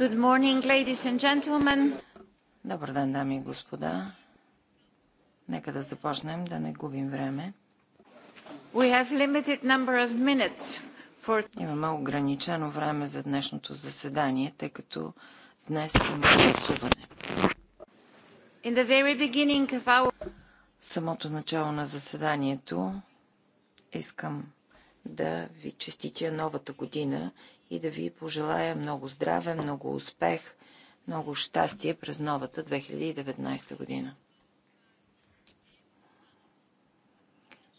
Good morning, ladies and gentlemen. Добър ден, дами и господа. Нека да започнем, да не губим време. We have limited number of minutes for... Имаме ограничено време за днешното заседание, тъй като днес има гласуване. In the very beginning of our... Самото начало на заседанието искам да ви честитя новата година и да ви пожелая много здраве, много успех, много щастие през новата 2019 година.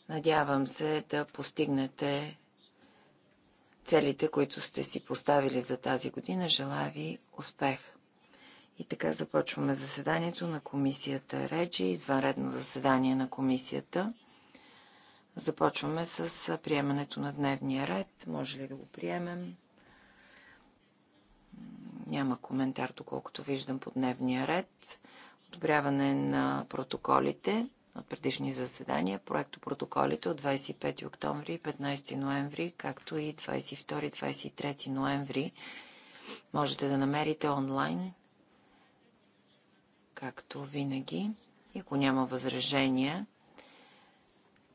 Надявам се да постигнете целите, които сте си поставили за тази година. Желая ви успех! И така започваме заседанието на комисията Реджи, извънредно заседание на комисията. Започваме с приемането на дневния ред. Може ли да го приемем? Няма коментар, доколкото виждам по дневния ред. Одобряване на протоколите от предишни заседания, проекто протоколите от 25 октомври, и 15 ноември, както и 22-23 ноември. Можете да намерите онлайн, както винаги. И ако няма възражения,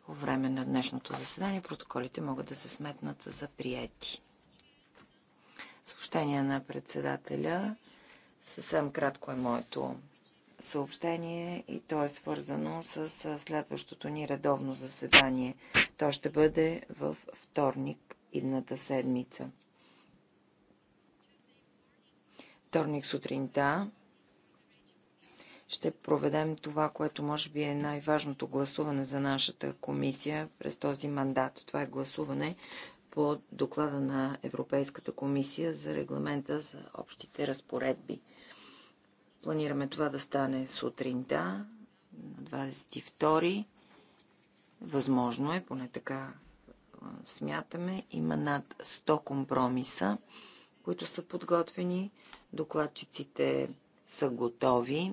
по време на днешното заседание протоколите могат да се сметнат за приети. Съобщение на председателя. Съвсем кратко е моето съобщение и то е свързано с следващото ни редовно заседание. То ще бъде в вторник идната седмица. Вторник сутринта ще проведем това, което може би е най-важното гласуване за нашата комисия през този мандат. Това е гласуване по доклада на Европейската комисия за регламента за общите разпоредби. Планираме това да стане сутринта на 22. Възможно е, поне така смятаме. Има над 100 компромиса, които са подготвени. Докладчиците са готови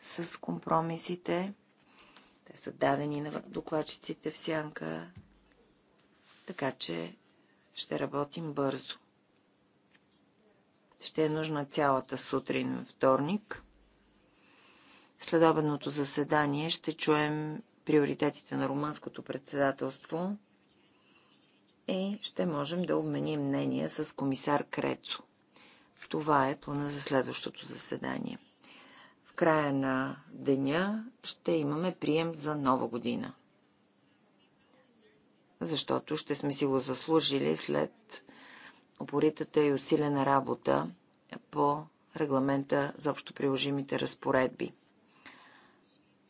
с компромисите. Те са дадени на докладчиците в сянка. Така че ще работим бързо. Ще е нужна цялата сутрин вторник. Следобедното заседание ще чуем приоритетите на румънското председателство и ще можем да обменим мнение с комисар Крецо. Това е плана за следващото заседание. В края на деня ще имаме прием за нова година защото ще сме си го заслужили след упоритата и усилена работа по регламента за общо приложимите разпоредби.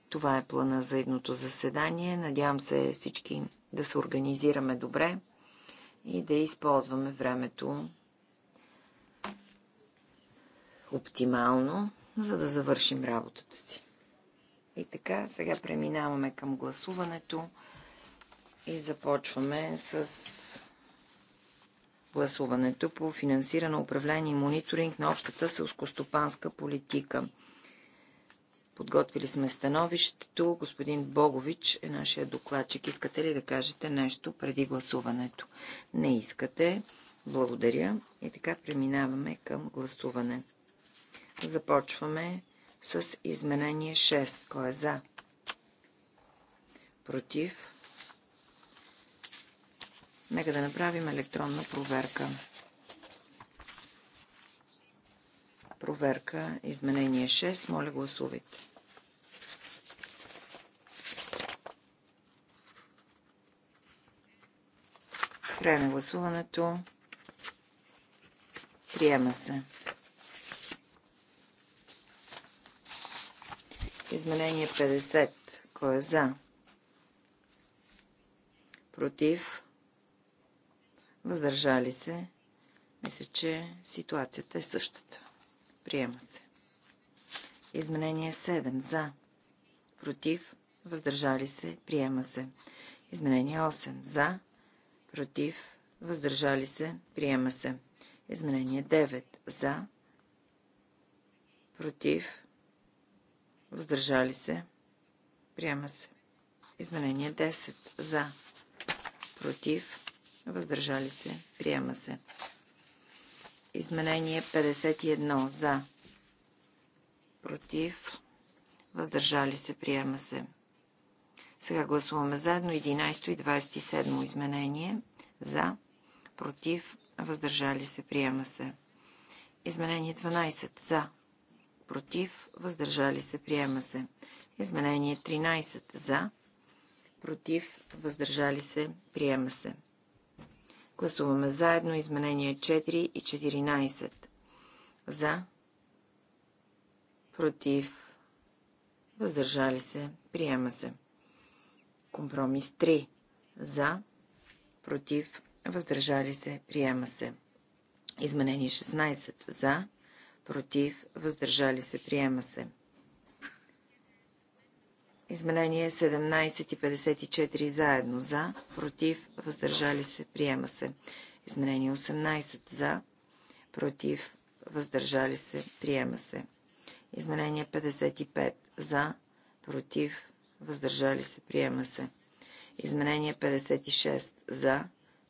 Това е плана за едното заседание. Надявам се всички да се организираме добре и да използваме времето оптимално, за да завършим работата си. И така, сега преминаваме към гласуването. И започваме с гласуването по финансиране, управление и мониторинг на общата селскостопанска политика. Подготвили сме становището. Господин Богович е нашия докладчик. Искате ли да кажете нещо преди гласуването? Не искате. Благодаря. И така преминаваме към гласуване. Започваме с изменение 6. Кой е за? Против? Нека да направим електронна проверка. Проверка, изменение 6. Моля гласувайте. Край на гласуването. Приема се. Изменение 50. Кой е за? Против? въздържали се. Мисля, че ситуацията е същата. Приема се. Изменение 7. За. Против. Въздържали се. Приема се. Изменение 8. За. Против. Въздържали се. Приема се. Изменение 9. За. Против. Въздържали се. Приема се. Изменение 10. За. Против въздържали се, приема се. Изменение 51 за, против, въздържали се, приема се. Сега гласуваме заедно 11 и 27 изменение за, против, въздържали се, приема се. Изменение 12 за, против, въздържали се, приема се. Изменение 13 за, против, въздържали се, приема се. Гласуваме заедно изменения 4 и 14. За. Против. Въздържали се. Приема се. Компромис 3. За. Против. Въздържали се. Приема се. Изменение 16. За. Против. Въздържали се. Приема се. Изменение 17 и 54 заедно за, против, въздържали се, приема се. Изменение 18 за, против, въздържали се, приема се. Изменение 55 за, против, въздържали се, приема се. Изменение 56 за,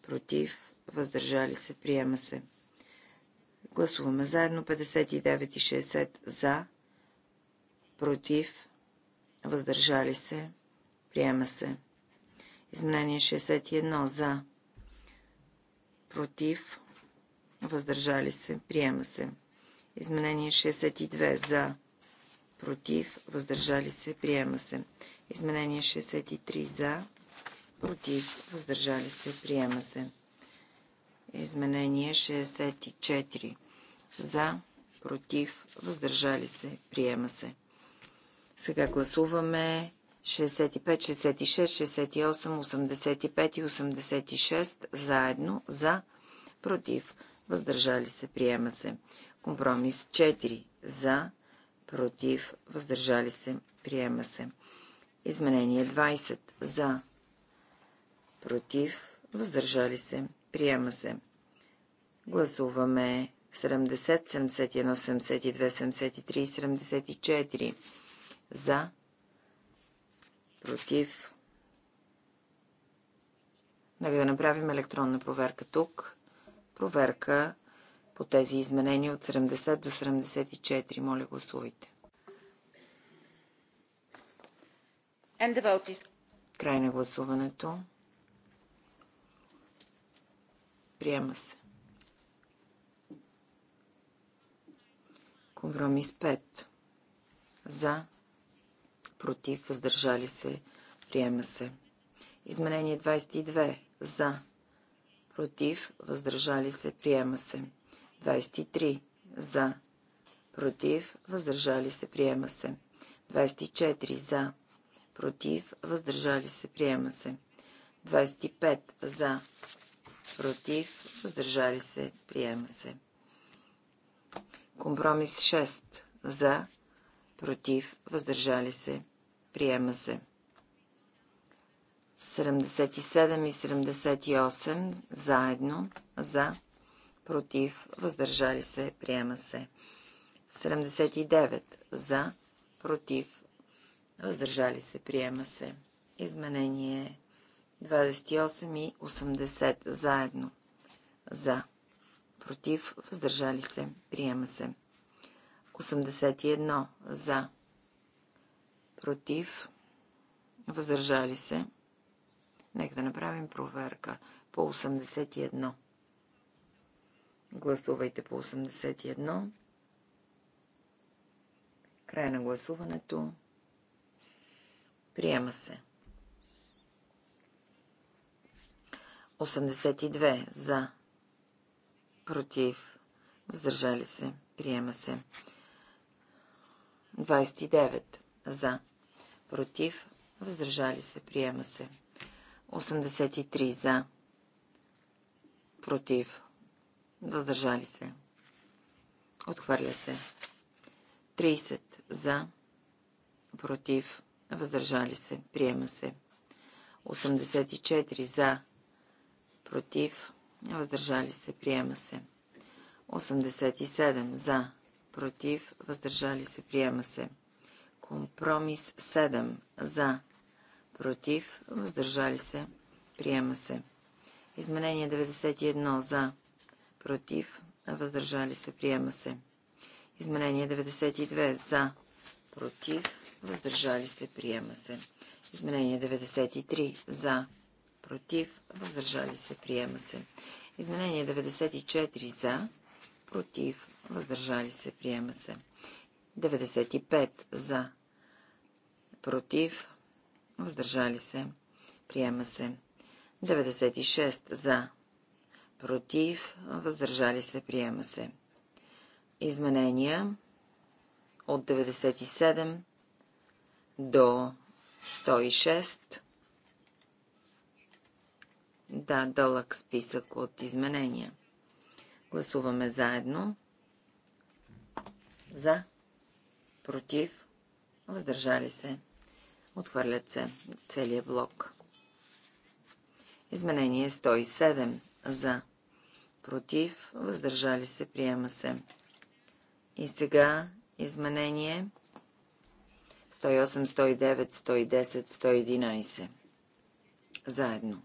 против, въздържали се, приема се. Гласуваме заедно 59 и 60 за, против, въздържали се, приема се. Изменение 61 за, против, въздържали се, приема се. Изменение 62 за, против, въздържали се, приема се. Изменение 63 за, против, въздържали се, приема се. Изменение 64 за, против, въздържали се, приема се. Сега гласуваме 65, 66, 68, 85 и 86 заедно за, против, въздържали се, приема се. Компромис 4 за, против, въздържали се, приема се. Изменение 20 за, против, въздържали се, приема се. Гласуваме 70, 71, 72, 73 74 за, против. Нека да направим електронна проверка тук. Проверка по тези изменения от 70 до 74. Моля, гласувайте. Край на гласуването. Приема се. Компромис 5. За против, въздържали се, приема се. Изменение 22 за, против, въздържали се, приема се. 23 за, против, въздържали се, приема се. 24 за, против, въздържали се, приема се. 25 за, против, въздържали се, приема се. Компромис 6 за, против, въздържали се, Приема се. 77 и 78 заедно за, против, въздържали се, приема се. 79 за, против, въздържали се, приема се. Изменение 28 и 80 заедно за, против, въздържали се, приема се. 81 за, против, въздържали се. Нека да направим проверка по 81. Гласувайте по 81. Край на гласуването. Приема се. 82 за. Против. Въздържали се. Приема се. 29 за против, въздържали се, приема се. 83 за, против, въздържали се, отхвърля се. 30 за, против, въздържали се, приема се. 84 за, против, въздържали се, приема се. 87 за, против, въздържали се, приема се. Компромис 7. За. Против. Въздържали се. Приема се. Изменение 91. За. Против. Въздържали се. Приема се. Изменение 92. За. Против. Въздържали се. Приема се. Изменение 93. За. Против. Въздържали се. Приема се. Изменение 94. За. Против. Въздържали се. Приема се. 95. За против, въздържали се, приема се. 96 за, против, въздържали се, приема се. Изменения от 97 до 106. Да, дълъг списък от изменения. Гласуваме заедно. За, против, въздържали се. Отхвърлят се целият блок. Изменение 107 за. Против. Въздържали се. Приема се. И сега изменение 108, 109, 110, 111. Заедно.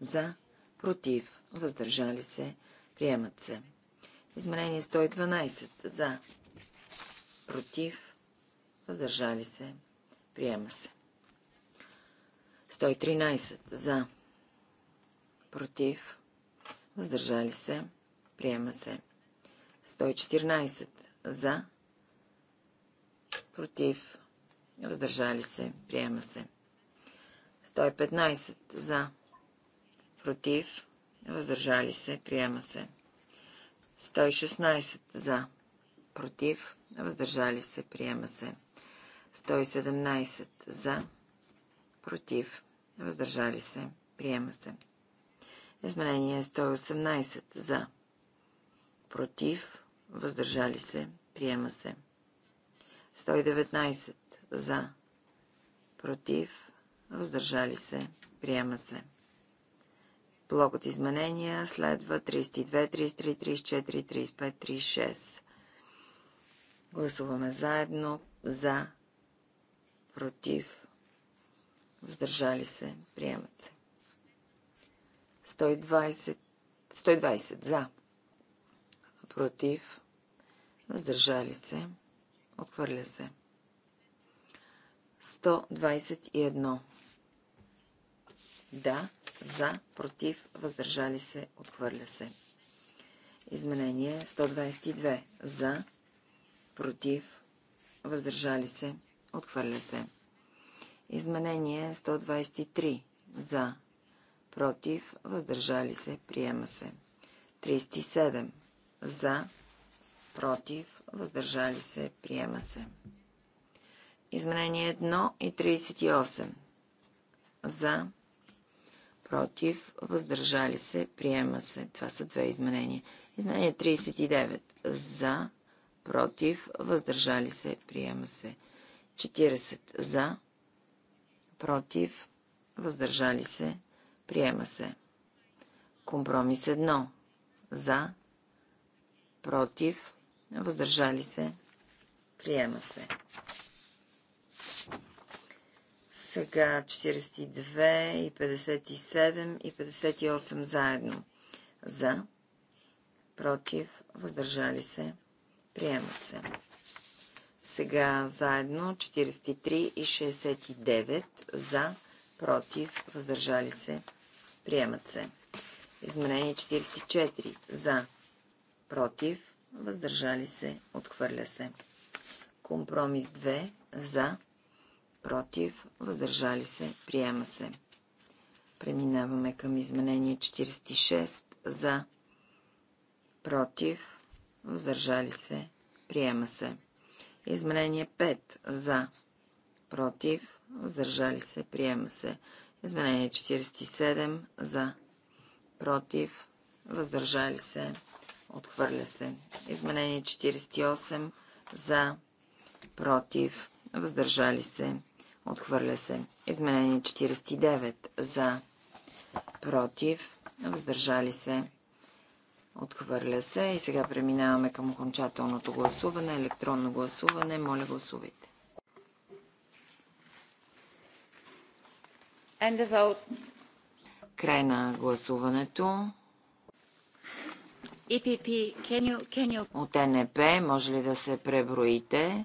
За. Против. Въздържали се. Приемат се. Изменение 112. За. Против. Въздържали се. Приема се. 113 за. Против. Въздържали се. Приема се. 114 за. Против. Въздържали се. Приема се. 115 за. Против. Въздържали се. Приема се. 116 за. Против. Въздържали се. Приема се. 117 за, против, въздържали се, приема се. Изменение 118 за, против, въздържали се, приема се. 119 за, против, въздържали се, приема се. Блок от изменения следва 32, 33, 34, 35, 36. Гласуваме заедно за, против, въздържали се, приемат се. 120, 120 за, против, въздържали се, отхвърля се. 121 да, за, против, въздържали се, отхвърля се. Изменение 122 за, против, въздържали се, Отхвърля се. Изменение 123. За. Против. Въздържали се. Приема се. 37. За. Против. Въздържали се. Приема се. Изменение 1 и 38. За. Против. Въздържали се. Приема се. Това са две изменения. Изменение 39. За. Против. Въздържали се. Приема се. 40 за, против, въздържали се, приема се. Компромис 1 за, против, въздържали се, приема се. Сега 42 и 57 и 58 заедно. За, против, въздържали се, приемат се. Сега заедно 43 и 69 за, против, въздържали се, приемат се. Изменение 44 за, против, въздържали се, отхвърля се. Компромис 2 за, против, въздържали се, приема се. Преминаваме към изменение 46 за, против, въздържали се, приема се. Изменение 5 за, против, въздържали се, приема се. Изменение 47 за, против, въздържали се, отхвърля се. Изменение 48 за, против, въздържали се, отхвърля се. Изменение 49 за, против, въздържали се, Отхвърля се. И сега преминаваме към окончателното гласуване. Електронно гласуване. Моля, гласувайте. And the vote. Край на гласуването. EPP, can you, can you... От НП може ли да се преброите?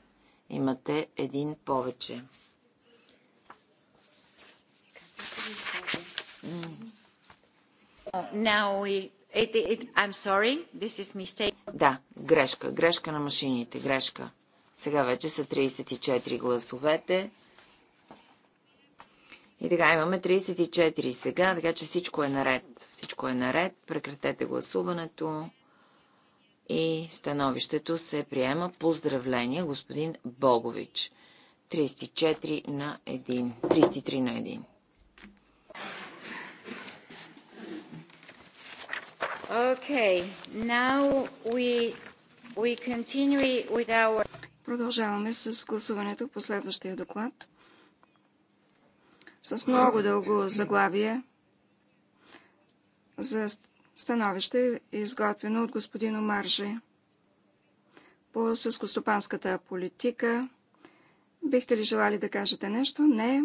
Имате един повече. Now we It, it, I'm sorry, this is mistake. Да, грешка, грешка на машините, грешка. Сега вече са 34 гласовете. И така, имаме 34 сега, така че всичко е наред. Всичко е наред. Прекратете гласуването. И становището се приема. Поздравление, господин Богович. 34 на 1. 33 на 1. Okay, now we, we continue with our... Продължаваме с гласуването по следващия доклад. С много дълго заглавие за становище, изготвено от господин Омарже по съскостопанската политика. Бихте ли желали да кажете нещо? Не.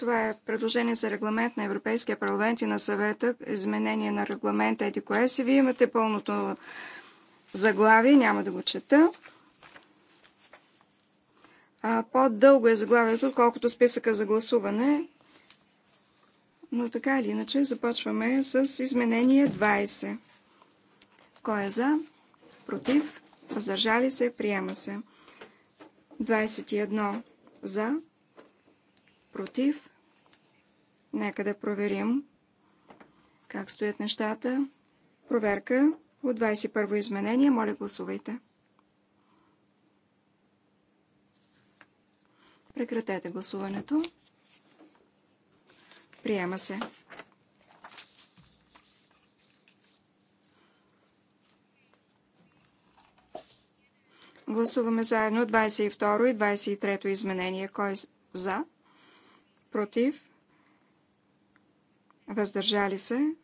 Това е предложение за регламент на Европейския парламент и на съвета, изменение на регламента ЕДИКОЕС и вие имате пълното заглавие, няма да го чета. по-дълго е заглавието, отколкото списъка за гласуване, но така или иначе започваме с изменение 20. Кой е за? Против? Въздържали се? Приема се. 21 за, против, Нека да проверим как стоят нещата. Проверка от 21 изменение. Моля, гласувайте. Прекратете гласуването. Приема се. Гласуваме заедно 22 и 23 изменение. Кой е за? Против? въздържали се.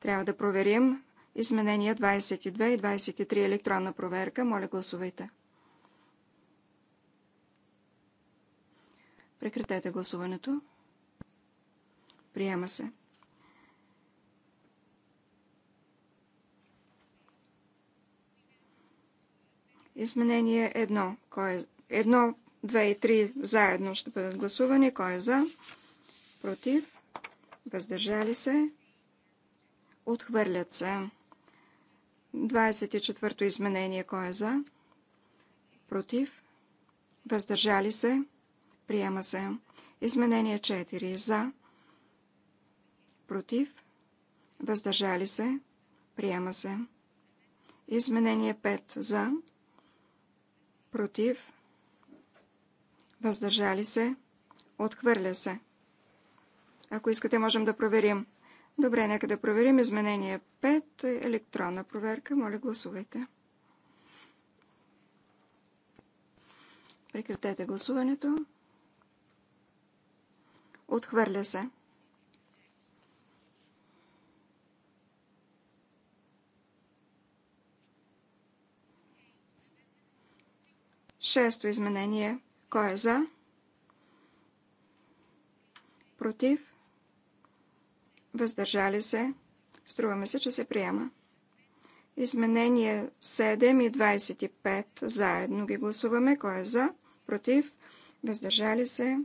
Трябва да проверим изменения 22 и 23 електронна проверка. Моля, гласувайте. Прекратете гласуването. Приема се. Изменение 1. Кой е? 1, 2 и 3 заедно ще бъдат гласувани. Кой е за? против, въздържали се, отхвърлят се. 24-то изменение, кой е за, против, въздържали се, приема се. Изменение 4, за, против, въздържали се, приема се. Изменение 5, за, против, въздържали се, отхвърля се. Ако искате, можем да проверим. Добре, нека да проверим изменение 5, електронна проверка. Моля, гласувайте. Прекратете гласуването. Отхвърля се. Шесто изменение. Кой е за? Против? въздържали се, струваме се, че се приема. Изменение 7 и 25 заедно ги гласуваме. Кой е за? Против? Въздържали се?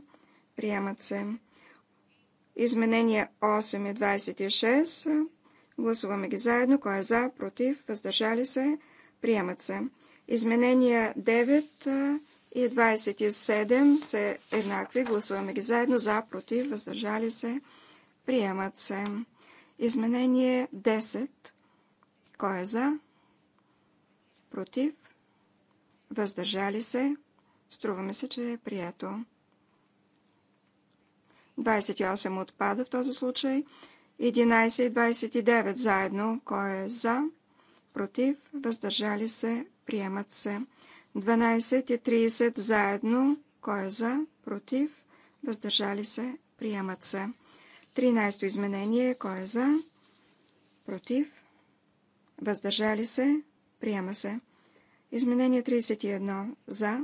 Приемат се. Изменение 8 и 26 гласуваме ги заедно. Кой е за? Против? Въздържали се? Приемат се. Изменения 9 и 27 са еднакви. Гласуваме ги заедно. За? Против? Въздържали се? Приемат се. Приемат се. Изменение 10. Кой е за? Против? Въздържали се? Струваме се, че е прието. 28 отпада в този случай. 11 и 29 заедно. Кой е за? Против? Въздържали се? Приемат се. 12 и 30 заедно. Кой е за? Против? Въздържали се? Приемат се. 13-то изменение. Кой е за? Против. Въздържали се. Приема се. Изменение 31. За.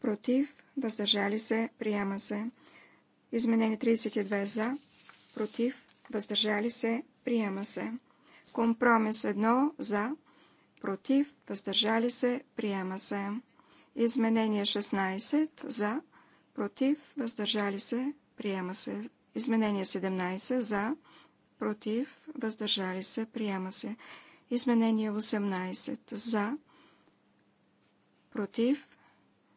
Против. Въздържали се. Приема се. Изменение 32. За. Против. Въздържали се. Приема се. Компромис 1. За. Против. Въздържали се. Приема се. Изменение 16. За. Против. Въздържали се. Приема се. Изменение 17 за, против, въздържали се, приема се. Изменение 18 за, против,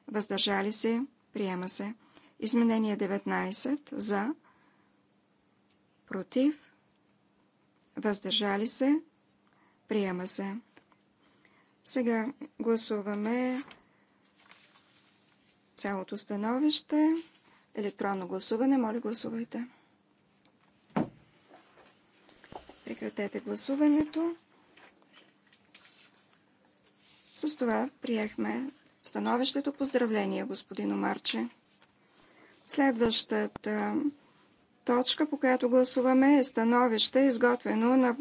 въздържали се, приема се. Изменение 19 за, против, въздържали се, приема се. Сега гласуваме цялото становище електронно гласуване. Моля, гласувайте. Прекратете гласуването. С това приехме становището. Поздравление, господин Омарче. Следващата точка, по която гласуваме, е становище, изготвено на,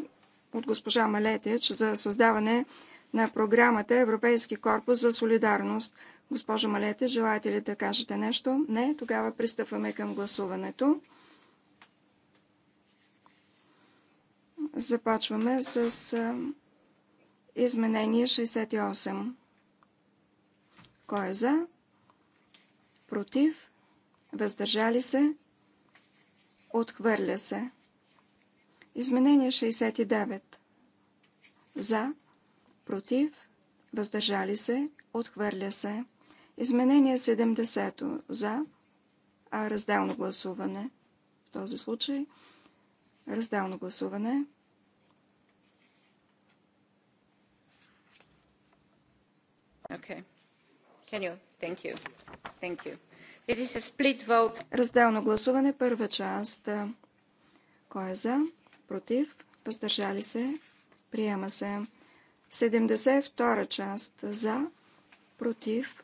от госпожа Малетич за създаване на програмата Европейски корпус за солидарност. Госпожо Малете, желаете ли да кажете нещо? Не. Тогава пристъпваме към гласуването. Започваме с изменение 68. Кой е за? Против? Въздържали се? Отхвърля се. Изменение 69. За? Против? Въздържали се? Отхвърля се. Изменение 70 за, а разделно гласуване в този случай. Разделно гласуване. Okay. Can you? Thank you. Thank you. It is a split vote. Разделно гласуване, първа част. Кой е за? Против? Въздържали се? Приема се. 72 част за, против,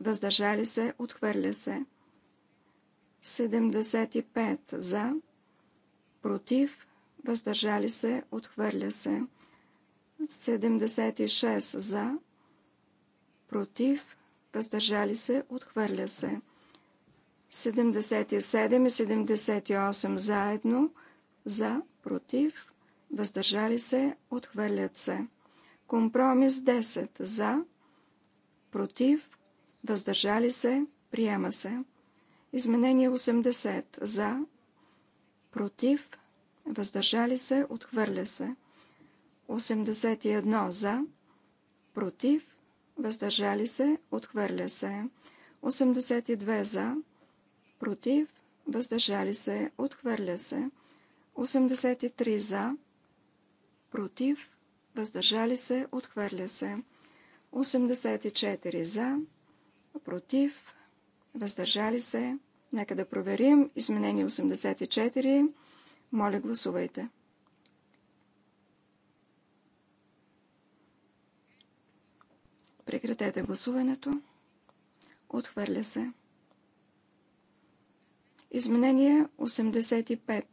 въздържали се, отхвърля се. 75 за, против, въздържали се, отхвърля се. 76 за, против, въздържали се, отхвърля се. 77 и 78 заедно, за, против, въздържали се, отхвърлят се. Компромис 10 за, против, въздържали се, приема се. Изменение 80 за, против, въздържали се, отхвърля се. 81 за, против, въздържали се, отхвърля се. 82 за, против, въздържали се, отхвърля се. 83 за, против, въздържали се, отхвърля се. 84 за, против, въздържали се. Нека да проверим. Изменение 84. Моля, гласувайте. Прекратете гласуването. Отхвърля се. Изменение 85.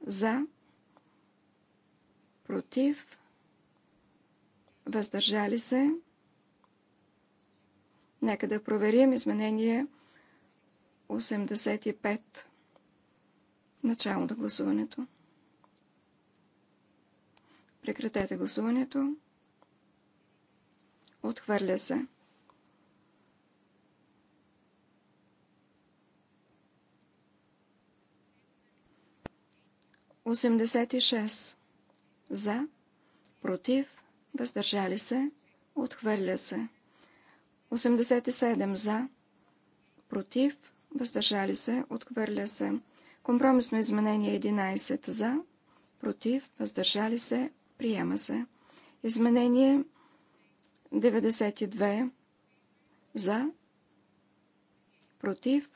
За. Против. Въздържали се. Нека да проверим изменение 85. Начало на гласуването. Прекратете гласуването. Отхвърля се. Осемдесет и шест. За. Против. Въздържали се. Отхвърля се. 87 за, против, въздържали се, отхвърля се. Компромисно изменение 11 за, против, въздържали се, приема се. Изменение 92 за, против,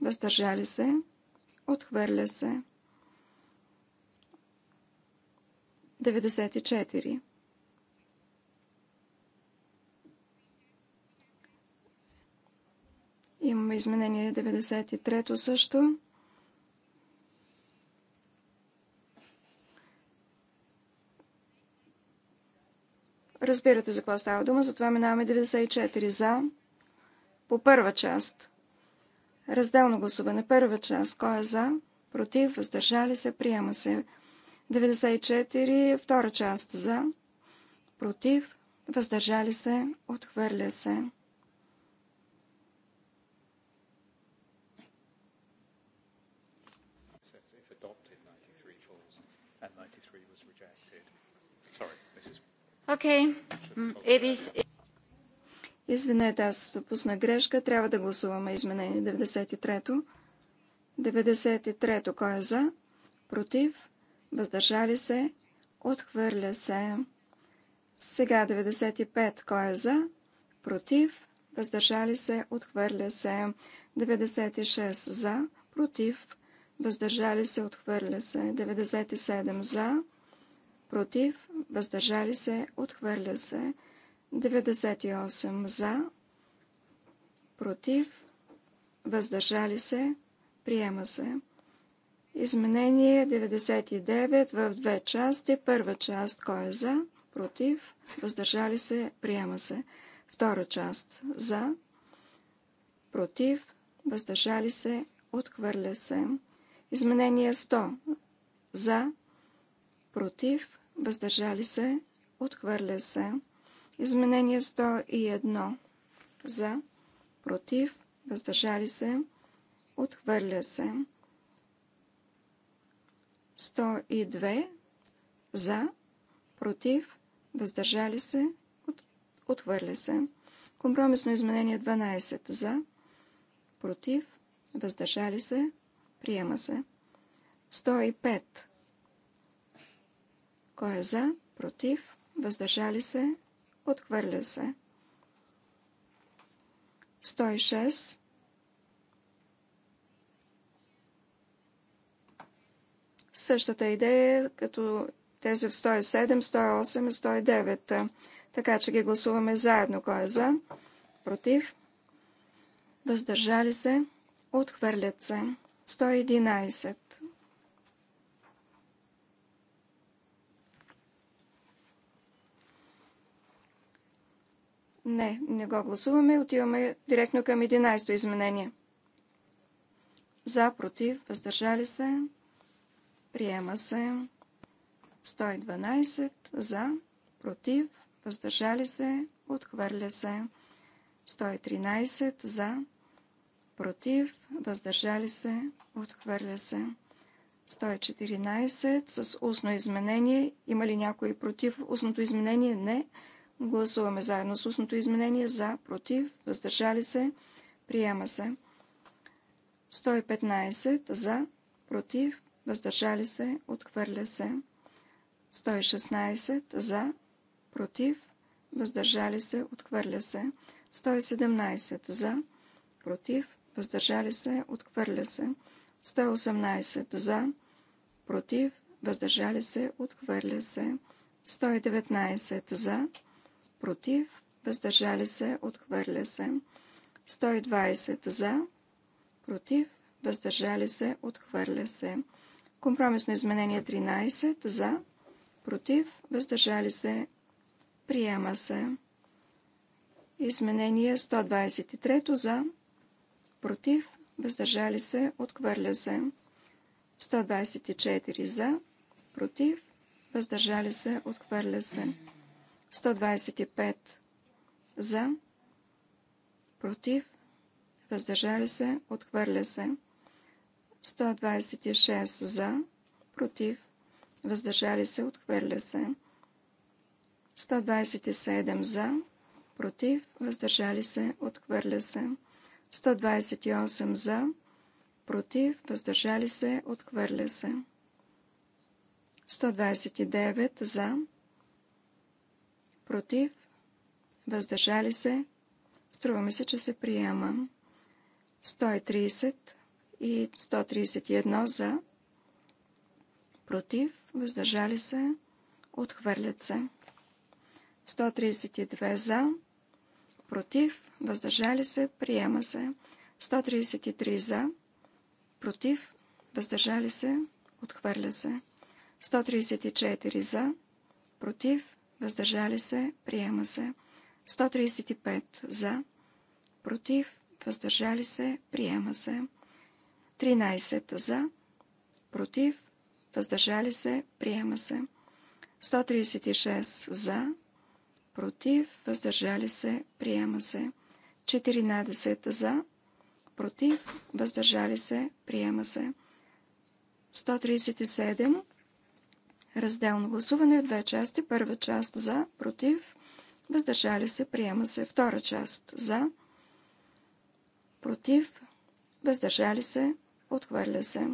въздържали се, отхвърля се. 94 Имаме изменение 93-то също. Разбирате за какво става дума, затова минаваме 94 за. По първа част. Разделно гласуване. Първа част. Кой е за? Против? Въздържали се? Приема се. 94. Втора част. За. Против? Въздържали се? Отхвърля се. Окей. Okay. Mm, is... Извинете, аз допусна грешка. Трябва да гласуваме изменение 93-то. 93-то кой е за? Против? Въздържали се? Отхвърля се. Сега 95 кой е за? Против? Въздържали се? Отхвърля се. 96 за? Против? Въздържали се? Отхвърля се. 97 за? Против? против, въздържали се, отхвърля се. 98 за, против, въздържали се, приема се. Изменение 99 в две части. Първа част, кой е за, против, въздържали се, приема се. Втора част, за, против, въздържали се, отхвърля се. Изменение 100 за, против, въздържали се, отхвърля се. Изменение 101 за, против, въздържали се, отхвърля се. 102 за, против, въздържали се, от, отхвърля се. Компромисно изменение 12 за, против, въздържали се, приема се. 105 кой е за? Против? Въздържали се? Отхвърля се. 106. Същата идея като тези в 107, 108 и 109. Така че ги гласуваме заедно. Кой е за? Против? Въздържали се? Отхвърлят се. 111. Не, не го гласуваме. Отиваме директно към 11-то изменение. За, против, въздържали се. Приема се. 112 за, против, въздържали се, отхвърля се. 113 за, против, въздържали се, отхвърля се. 114 с устно изменение. Има ли някой против устното изменение? Не. Гласуваме заедно с устното изменение за, против, въздържали се, приема се. 115 за, против, въздържали се, отхвърля се. 116 за, против, въздържали се, отхвърля се. 117 за, против, въздържали се, отхвърля се. 118 за, против, въздържали се, отхвърля се. 119 за, против, въздържали се, отхвърля се. 120 за, против, въздържали се, отхвърля се. Компромисно изменение 13 за, против, въздържали се, приема се. Изменение 123 за, против, въздържали се, отхвърля се. 124 за, против, въздържали се, отхвърля се. 125 за, против, въздържали се, отхвърля се. 126 за, против, въздържали се, отхвърля се. 127 за, против, въздържали се, отхвърля се. 128 за, против, въздържали се, отхвърля се. 129 за, против, въздържали се, струва ми се, че се приема. 130 и 131 за, против, въздържали се, отхвърлят се. 132 за, против, въздържали се, приема се. 133 за, против, въздържали се, отхвърля се. 134 за, против, въздържали се, приема се. 135 за, против, въздържали се, приема се. 13 за, против, въздържали се, приема се. 136 за, против, въздържали се, приема се. 14 за, против, въздържали се, приема се. 137 Разделно гласуване от две части. Първа част за, против, въздържали се, приема се. Втора част за, против, въздържали се, отхвърля се.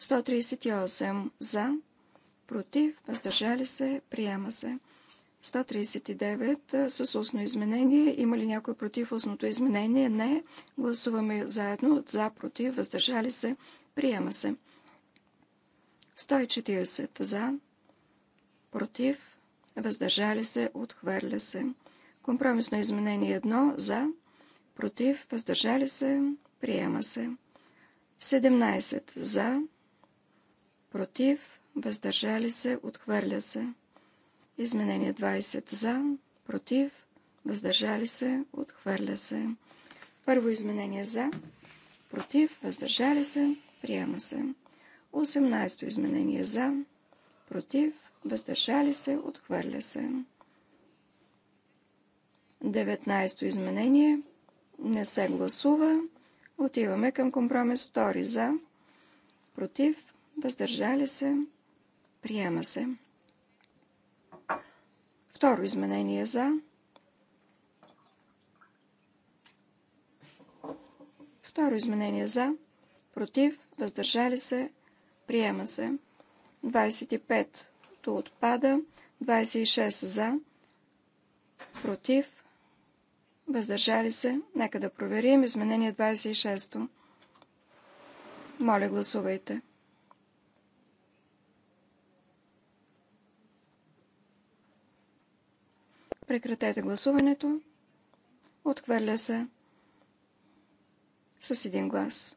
138 за, против, въздържали се, приема се. 139 с устно изменение. Има ли някой против устното изменение? Не. Гласуваме заедно. За, против, въздържали се, приема се. 140 за, против, въздържали се, отхвърля се. Компромисно изменение 1 за, против, въздържали се, приема се. 17 за, против, въздържали се, отхвърля се. Изменение 20 за, против, въздържали се, отхвърля се. Първо изменение за, против, въздържали се, приема се. 18 изменение за, против, въздържали се, отхвърля се. 19 изменение не се гласува. Отиваме към компромис 2 за, против, въздържали се, приема се. Второ изменение за. Второ изменение за, против, въздържали се, Приема се. 25 то отпада. 26 за. Против. Въздържали се. Нека да проверим изменение 26-то. Моля, гласувайте. Прекратете гласуването. Отхвърля се с един глас.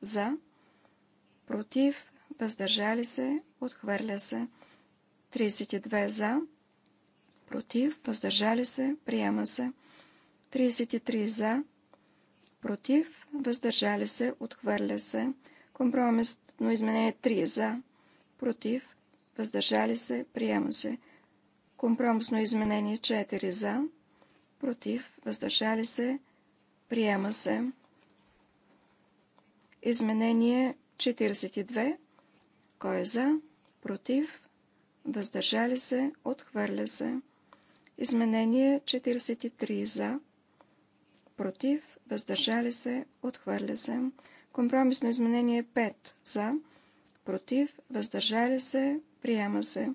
за. Против. Въздържали се. Отхвърля се. 32 за. Против. Въздържали се. Приема се. 33 за. Против. Въздържали се. Отхвърля се. Компромисно изменение 3 за. Против. Въздържали се. Приема се. Компромисно изменение 4 за. Против. Въздържали се. Приема се. Изменение 42. Кой е за? Против? Въздържали се? Отхвърля се. Изменение 43. За? Против? Въздържали се? Отхвърля се. Компромисно изменение 5. За? Против? Въздържали се? Приема се.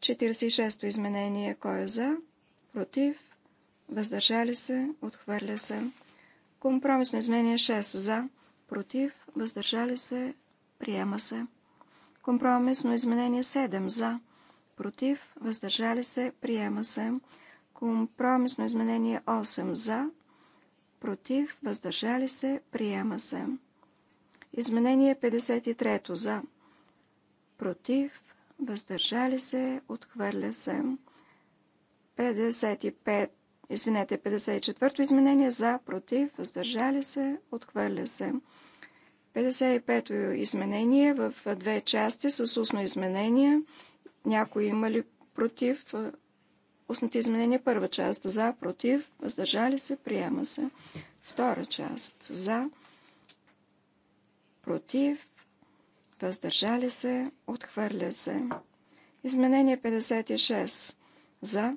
46-то изменение. Кой е за? Против? Въздържали се? Отхвърля се. Компромисно изменение 6 за, против, въздържали се, приема се. Компромисно изменение 7 за, против, въздържали се, приема се. Компромисно изменение 8 за, против, въздържали се, приема се. Изменение 53 за, против, въздържали се, отхвърля се. 55 Извинете, 54-то изменение за, против, въздържали се, отхвърля се. 55-то изменение в две части с устно изменение. Някои има ли против устните изменения? Първа част за, против, въздържали се, приема се. Втора част за, против, въздържали се, отхвърля се. Изменение 56 за,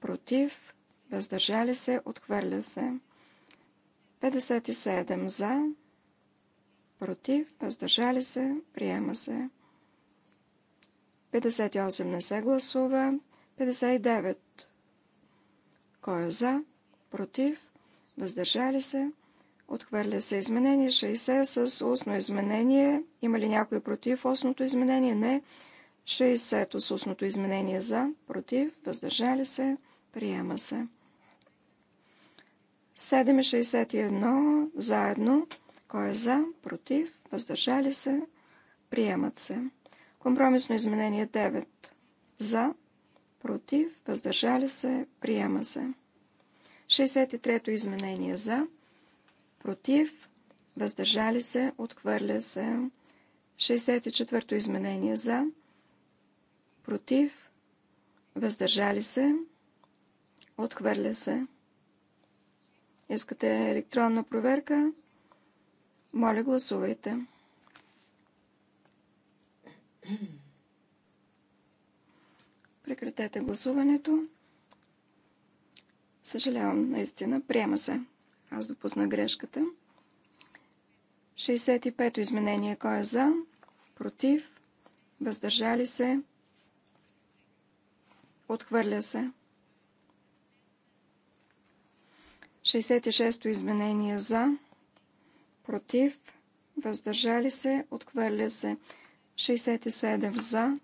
против, въздържали се, отхвърля се. 57 за, против, въздържали се, приема се. 58 не се гласува. 59. Кой е за? Против? Въздържали се? Отхвърля се изменение 60 с устно изменение. Има ли някой против устното изменение? Не. 60 с устното изменение за, против, въздържали се, Приема се. 7,61 заедно. Кой е за? Против? Въздържали се? Приемат се. Компромисно изменение 9. За? Против? Въздържали се? Приема се. 63-то изменение за? Против? Въздържали се? Отхвърля се. 64-то изменение за? Против? Въздържали се? Отхвърля се. Искате електронна проверка? Моля, гласувайте. Прекратете гласуването. Съжалявам, наистина, приема се. Аз допусна грешката. 65-то изменение. Кой е за? Против? Въздържали се? Отхвърля се. 66-то изменение за, против, въздържали се, отхвърля се. 67 за,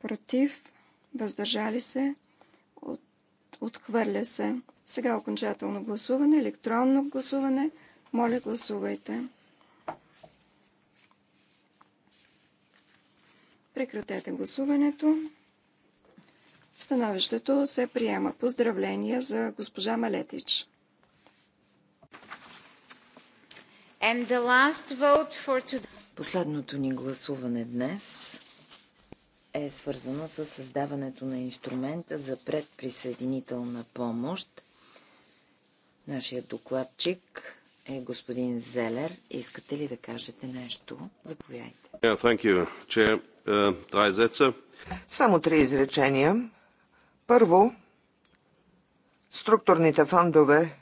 против, въздържали се, от, отхвърля се. Сега окончателно гласуване, електронно гласуване. Моля, гласувайте. Прекратете гласуването. Становището се приема. Поздравления за госпожа Малетич. And the last vote for today. Последното ни гласуване днес е свързано с създаването на инструмента за предприсъединителна помощ. Нашия докладчик е господин Зелер. Искате ли да кажете нещо? Заповядайте. Yeah, you, uh, Само три изречения. Първо, структурните фондове,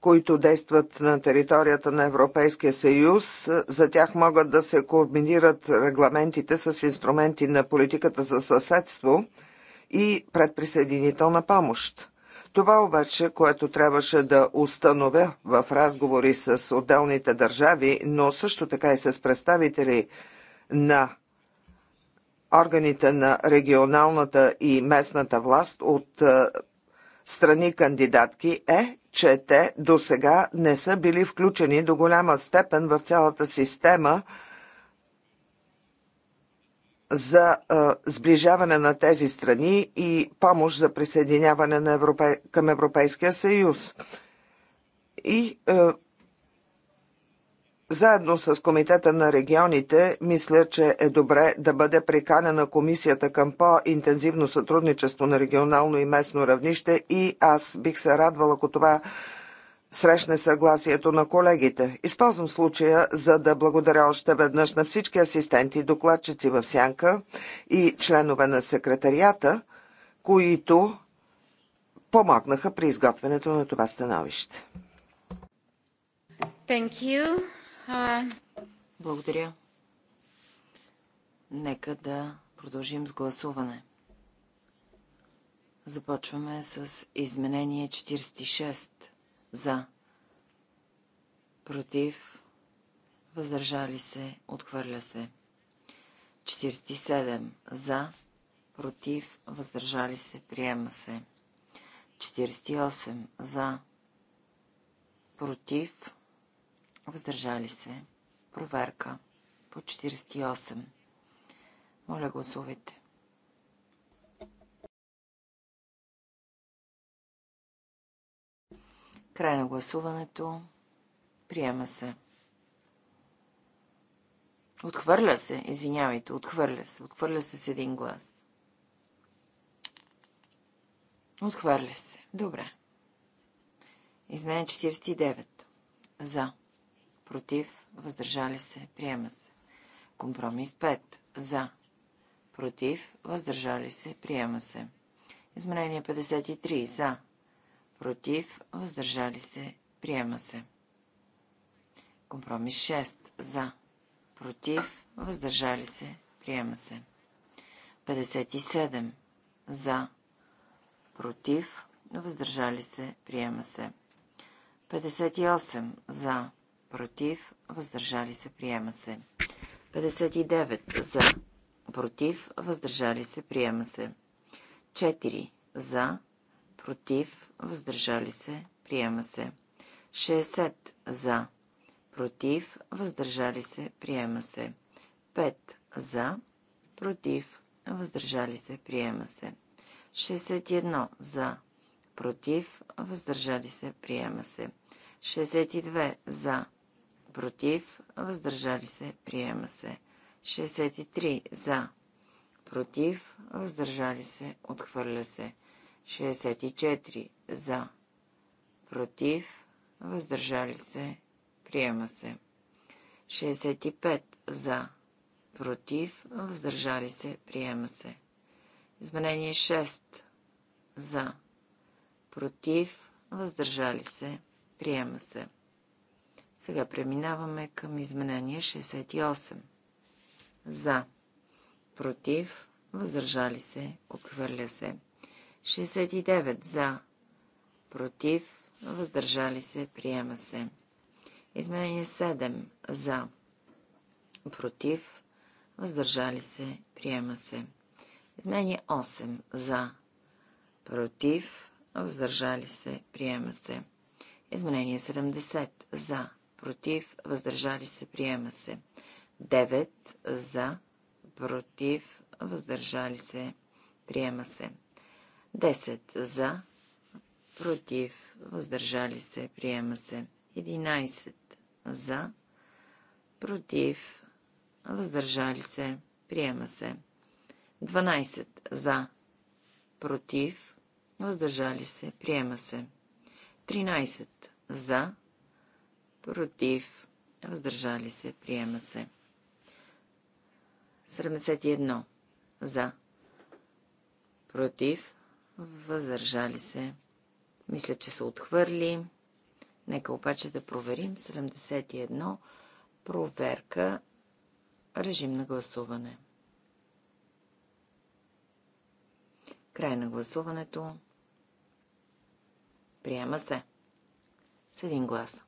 които действат на територията на Европейския съюз, за тях могат да се координират регламентите с инструменти на политиката за съседство и предприсъединителна помощ. Това обаче, което трябваше да установя в разговори с отделните държави, но също така и с представители на органите на регионалната и местната власт от е, страни кандидатки е, че те до сега не са били включени до голяма степен в цялата система за е, сближаване на тези страни и помощ за присъединяване на Европе... към Европейския съюз. И е, заедно с Комитета на регионите, мисля, че е добре да бъде приканена комисията към по-интензивно сътрудничество на регионално и местно равнище и аз бих се радвала, ако това срещне съгласието на колегите. Използвам случая, за да благодаря още веднъж на всички асистенти, докладчици в Сянка и членове на секретарията, които помогнаха при изготвянето на това становище. Thank you. Благодаря. Нека да продължим с гласуване. Започваме с изменение 46. За. Против. Въздържали се. Отхвърля се. 47. За. Против. Въздържали се. Приема се. 48. За. Против. Въздържали се. Проверка по 48. Моля, гласувайте. Край на гласуването. Приема се. Отхвърля се, извинявайте, отхвърля се. Отхвърля се с един глас. Отхвърля се. Добре. Изменя 49. За против, въздържали се, приема се. Компромис 5. За, против, въздържали се, приема се. Изменение 53. За, против, въздържали се, приема се. Компромис 6. За, против, въздържали се, приема се. 57. За, против, въздържали се, приема се. 58. За, против, въздържали се, приема се. 59 за, против, въздържали се, приема се. 4 за, против, въздържали се, приема се. 60 за, против, въздържали се, приема се. 5 за, против, въздържали се, приема се. 61 за, против, въздържали се, приема се. 62 за, против, въздържали се, приема се. 63 за, против, въздържали се, отхвърля се. 64 за, против, въздържали се, приема се. 65 за, против, въздържали се, приема се. Изменение 6 за, против, въздържали се, приема се. Сега преминаваме към изменение 68. За. Против. Въздържали се. Отхвърля се. 69. За. Против. Въздържали се. Приема се. Изменение 7. За. Против. Въздържали се. Приема се. Изменение 8. За. Против. Въздържали се. Приема се. Изменение 70. За против, въздържали се, приема се. 9 за, против, въздържали се, приема се. 10 за, против, въздържали се, приема се. 11 за, против, въздържали се, приема се. 12 за, против, въздържали се, приема се. 13 за, против, въздържали се, приема се. 71 за, против, въздържали се. Мисля, че се отхвърли. Нека обаче да проверим. 71 проверка режим на гласуване. Край на гласуването. Приема се. С един глас.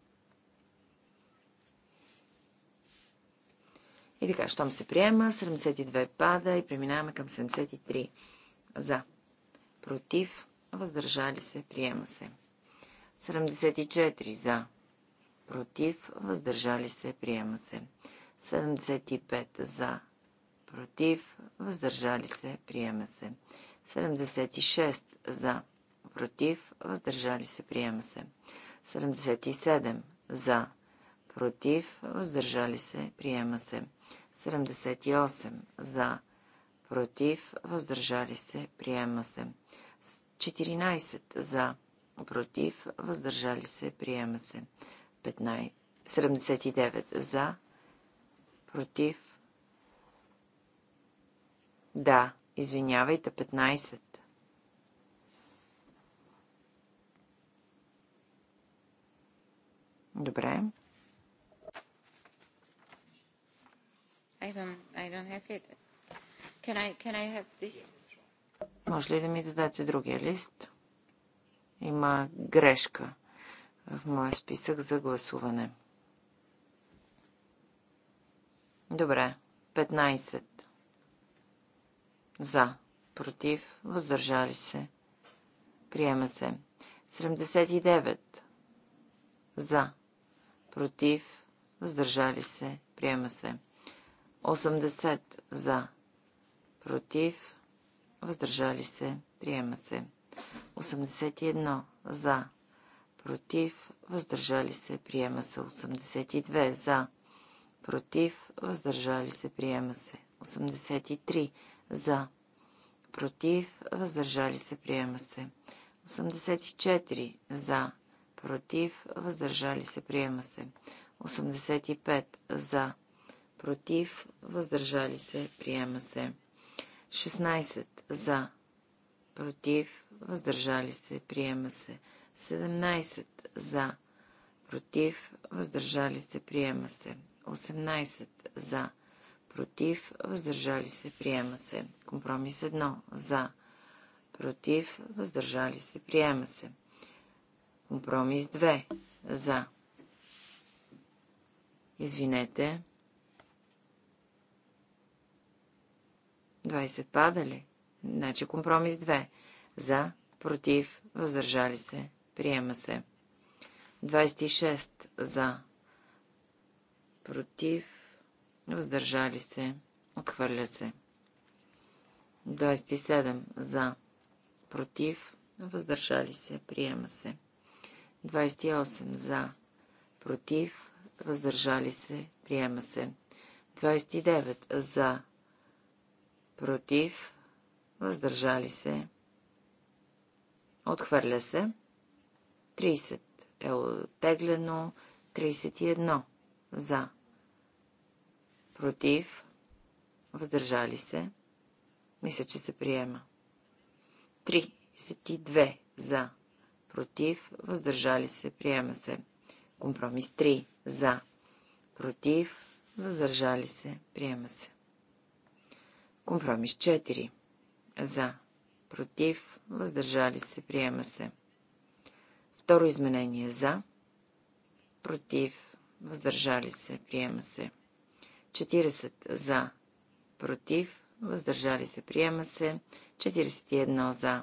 И така, щом се приема, 72 пада и преминаваме към 73. За. Против. Въздържали се. Приема се. 74. За. Против. Въздържали се. Приема се. 75. За. Против. Въздържали се. Приема се. 76. За. Против. Въздържали се. Приема се. 77. За. Против. Въздържали се. Приема се. 78 за, против, въздържали се, приема се. 14 за, против, въздържали се, приема се. 15, 79 за, против. Да, извинявайте, 15. Добре. I don't, I don't have it. Can I, can I have this? Може ли да ми дадете другия лист? Има грешка в моя списък за гласуване. Добре. 15. За. Против. Въздържали се. Приема се. 79. За. Против. Въздържали се. Приема се. 80 за, против, въздържали се, приема се. 81 за, против, въздържали се, приема се. 82 за, против, въздържали се, приема се. 83 за, против, въздържали се, приема се. 84 за, против, въздържали се, приема се. 85 за, против, против, въздържали се, приема се. 16 за, против, въздържали се, приема се. 17 за, против, въздържали се, приема се. 18 за, против, въздържали се, приема се. Компромис 1 за, против, въздържали се, приема се. Компромис 2 за. Извинете. 20 падали, Значи компромис 2. За, против, въздържали се, приема се. 26 за, против, въздържали се, отхвърля се. 27 за, против, въздържали се, приема се. 28 за, против, въздържали се, приема се. 29 за, против, въздържали се, отхвърля се. 30 е оттеглено, 31 за, против, въздържали се. Мисля, че се приема. 32 за, против, въздържали се, приема се. Компромис 3 за, против, въздържали се, приема се. Компромис 4. За. Против. Въздържали се. Приема се. Второ изменение. За. Против. Въздържали се. Приема се. 40. За. Против. Въздържали се. Приема се. 41. За.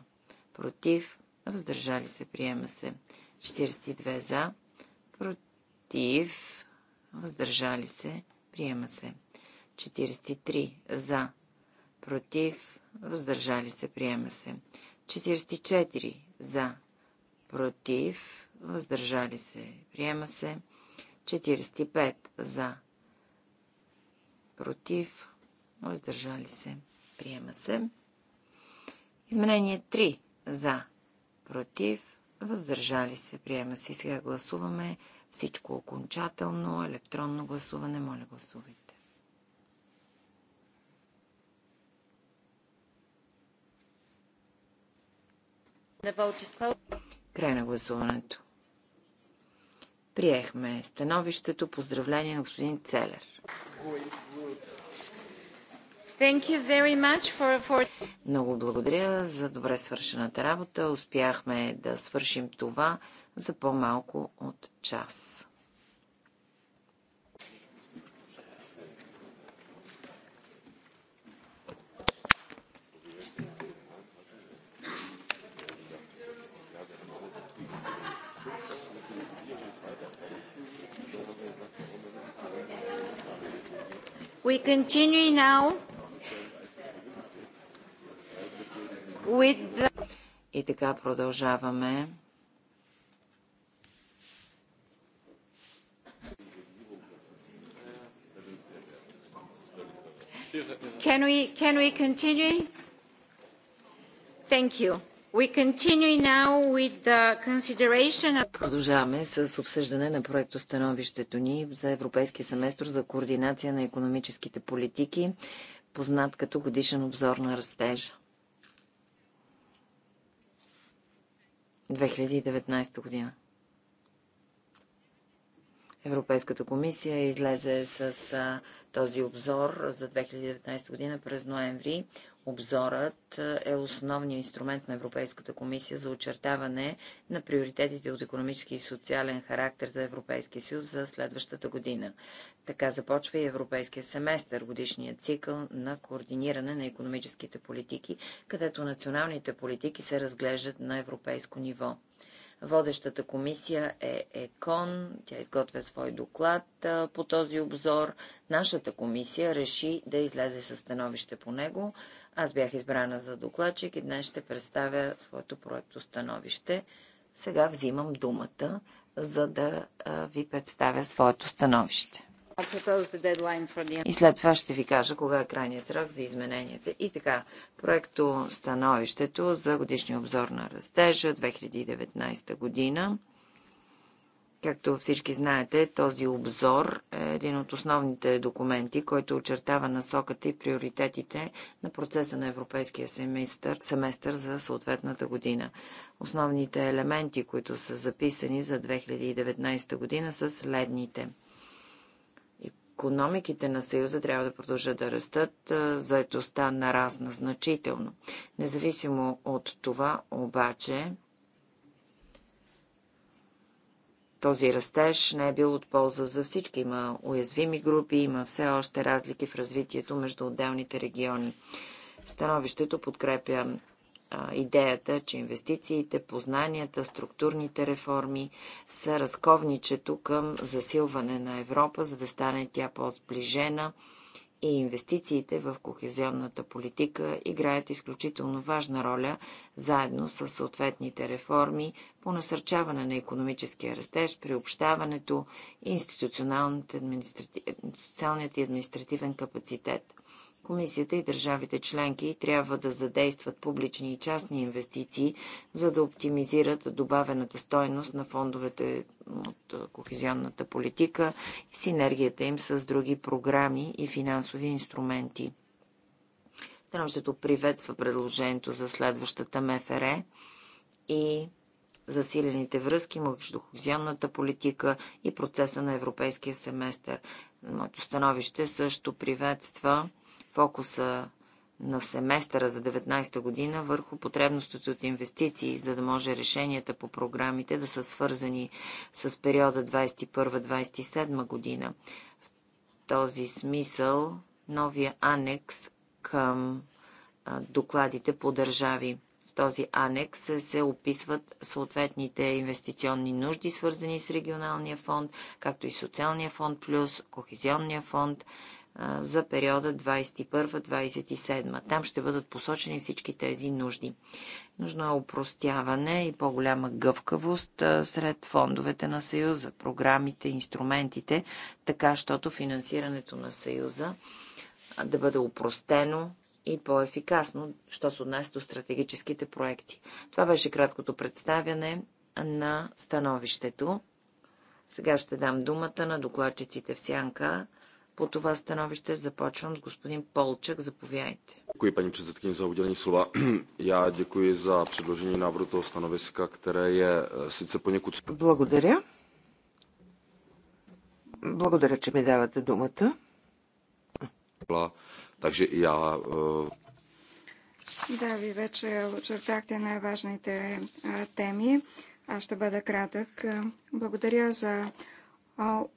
Против. Въздържали се. Приема се. 42. За. Против. Въздържали се. Приема се. 43. За против, въздържали се, приема се. 44 за, против, въздържали се, приема се. 45 за, против, въздържали се, приема се. Изменение 3 за, против, въздържали се, приема се. И сега гласуваме всичко окончателно, електронно гласуване. Моля, гласувайте. Край на гласуването. Приехме становището. Поздравление на господин Целер. Thank you very much for, for... Много благодаря за добре свършената работа. Успяхме да свършим това за по-малко от час. We continue now with the... И така продължаваме. Can we, can we continue? Thank you. Продължаваме с обсъждане на проекто становището ни за Европейския семестър за координация на економическите политики, познат като годишен обзор на растежа. 2019 година. Европейската комисия излезе с този обзор за 2019 година през ноември. Обзорът е, е основният инструмент на Европейската комисия за очертаване на приоритетите от економически и социален характер за Европейския съюз за следващата година. Така започва и Европейския семестър, годишният цикъл на координиране на економическите политики, където националните политики се разглеждат на европейско ниво. Водещата комисия е ЕКОН, тя изготвя свой доклад е, по този обзор. Нашата комисия реши да излезе със становище по него. Аз бях избрана за докладчик и днес ще представя своето проекто становище. Сега взимам думата, за да ви представя своето становище. И след това ще ви кажа кога е крайният срок за измененията. И така, проекто становището за годишния обзор на растежа 2019 година Както всички знаете, този обзор е един от основните документи, който очертава насоката и приоритетите на процеса на европейския семестър, семестър за съответната година. Основните елементи, които са записани за 2019 година, са следните. Економиките на Съюза трябва да продължат да растат, заедостта нарасна значително. Независимо от това, обаче, Този растеж не е бил от полза за всички. Има уязвими групи, има все още разлики в развитието между отделните региони. Становището подкрепя идеята, че инвестициите, познанията, структурните реформи са разковничето към засилване на Европа, за да стане тя по-сближена, и инвестициите в кохезионната политика играят изключително важна роля, заедно с съответните реформи по насърчаване на економическия растеж, приобщаването и институционалният и административен капацитет. Комисията и държавите членки трябва да задействат публични и частни инвестиции, за да оптимизират добавената стойност на фондовете от кохезионната политика и синергията им с други програми и финансови инструменти. Становището приветства предложението за следващата МФР и засилените връзки между кохезионната политика и процеса на европейския семестър. Моето становище също приветства фокуса на семестъра за 19-та година върху потребностите от инвестиции, за да може решенията по програмите да са свързани с периода 21-27 година. В този смисъл новия анекс към докладите по държави. В този анекс се описват съответните инвестиционни нужди, свързани с регионалния фонд, както и социалния фонд плюс, кохезионния фонд, за периода 21-27. Там ще бъдат посочени всички тези нужди. Нужно е упростяване и по-голяма гъвкавост сред фондовете на Съюза, програмите, инструментите, така, щото финансирането на Съюза да бъде упростено и по-ефикасно, що се отнася до стратегическите проекти. Това беше краткото представяне на становището. Сега ще дам думата на докладчиците в Сянка по това становище. Започвам с господин Полчък. Заповядайте. Děkuji paní předsedkyni za udělení slova. Já děkuji za předložení návrhu toho stanoviska, které je eh, sice poněkud... Благодаря. Благодаря, че ми давате думата. Takže и я... Э, да, ви вече очертахте най-важните э, теми. Аз ще бъда кратък. Э, благодаря за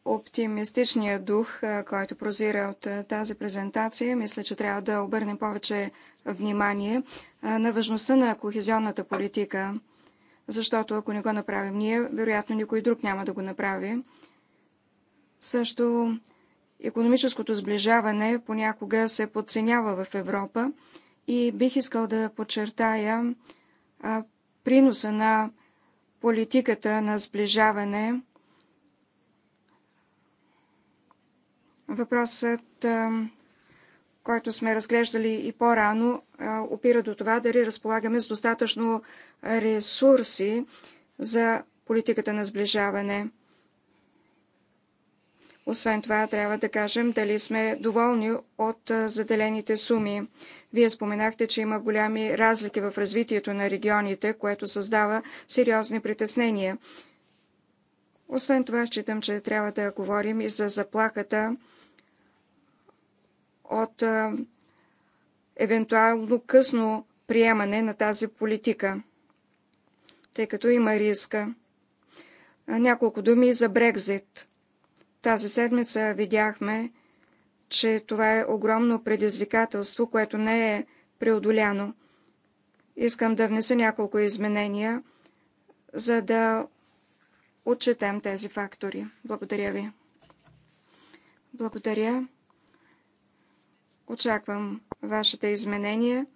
оптимистичния дух, който прозира от тази презентация. Мисля, че трябва да обърнем повече внимание на важността на кохезионната политика, защото ако не го направим ние, вероятно никой друг няма да го направи. Също економическото сближаване понякога се подценява в Европа и бих искал да подчертая приноса на политиката на сближаване – Въпросът, който сме разглеждали и по-рано, опира до това дали разполагаме с достатъчно ресурси за политиката на сближаване. Освен това, трябва да кажем дали сме доволни от заделените суми. Вие споменахте, че има голями разлики в развитието на регионите, което създава сериозни притеснения. Освен това, считам, че трябва да говорим и за заплахата от евентуално късно приемане на тази политика, тъй като има риска. Няколко думи за Брекзит. Тази седмица видяхме, че това е огромно предизвикателство, което не е преодоляно. Искам да внеса няколко изменения, за да отчетем тези фактори. Благодаря ви. Благодаря. Очаквам вашите изменения.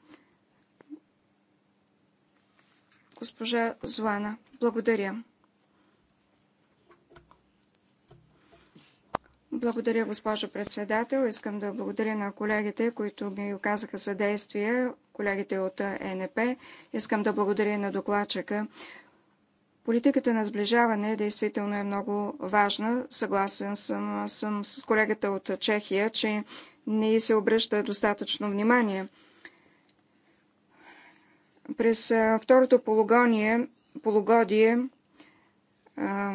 Госпожа Злана, благодаря. Благодаря, госпожо председател. Искам да благодаря на колегите, които ми оказаха съдействие, колегите от ЕНП. Искам да благодаря на докладчика Политиката на сближаване действително е много важна. Съгласен съм, съм с колегата от Чехия, че не се обръща достатъчно внимание. През второто полугодие, полугодие а,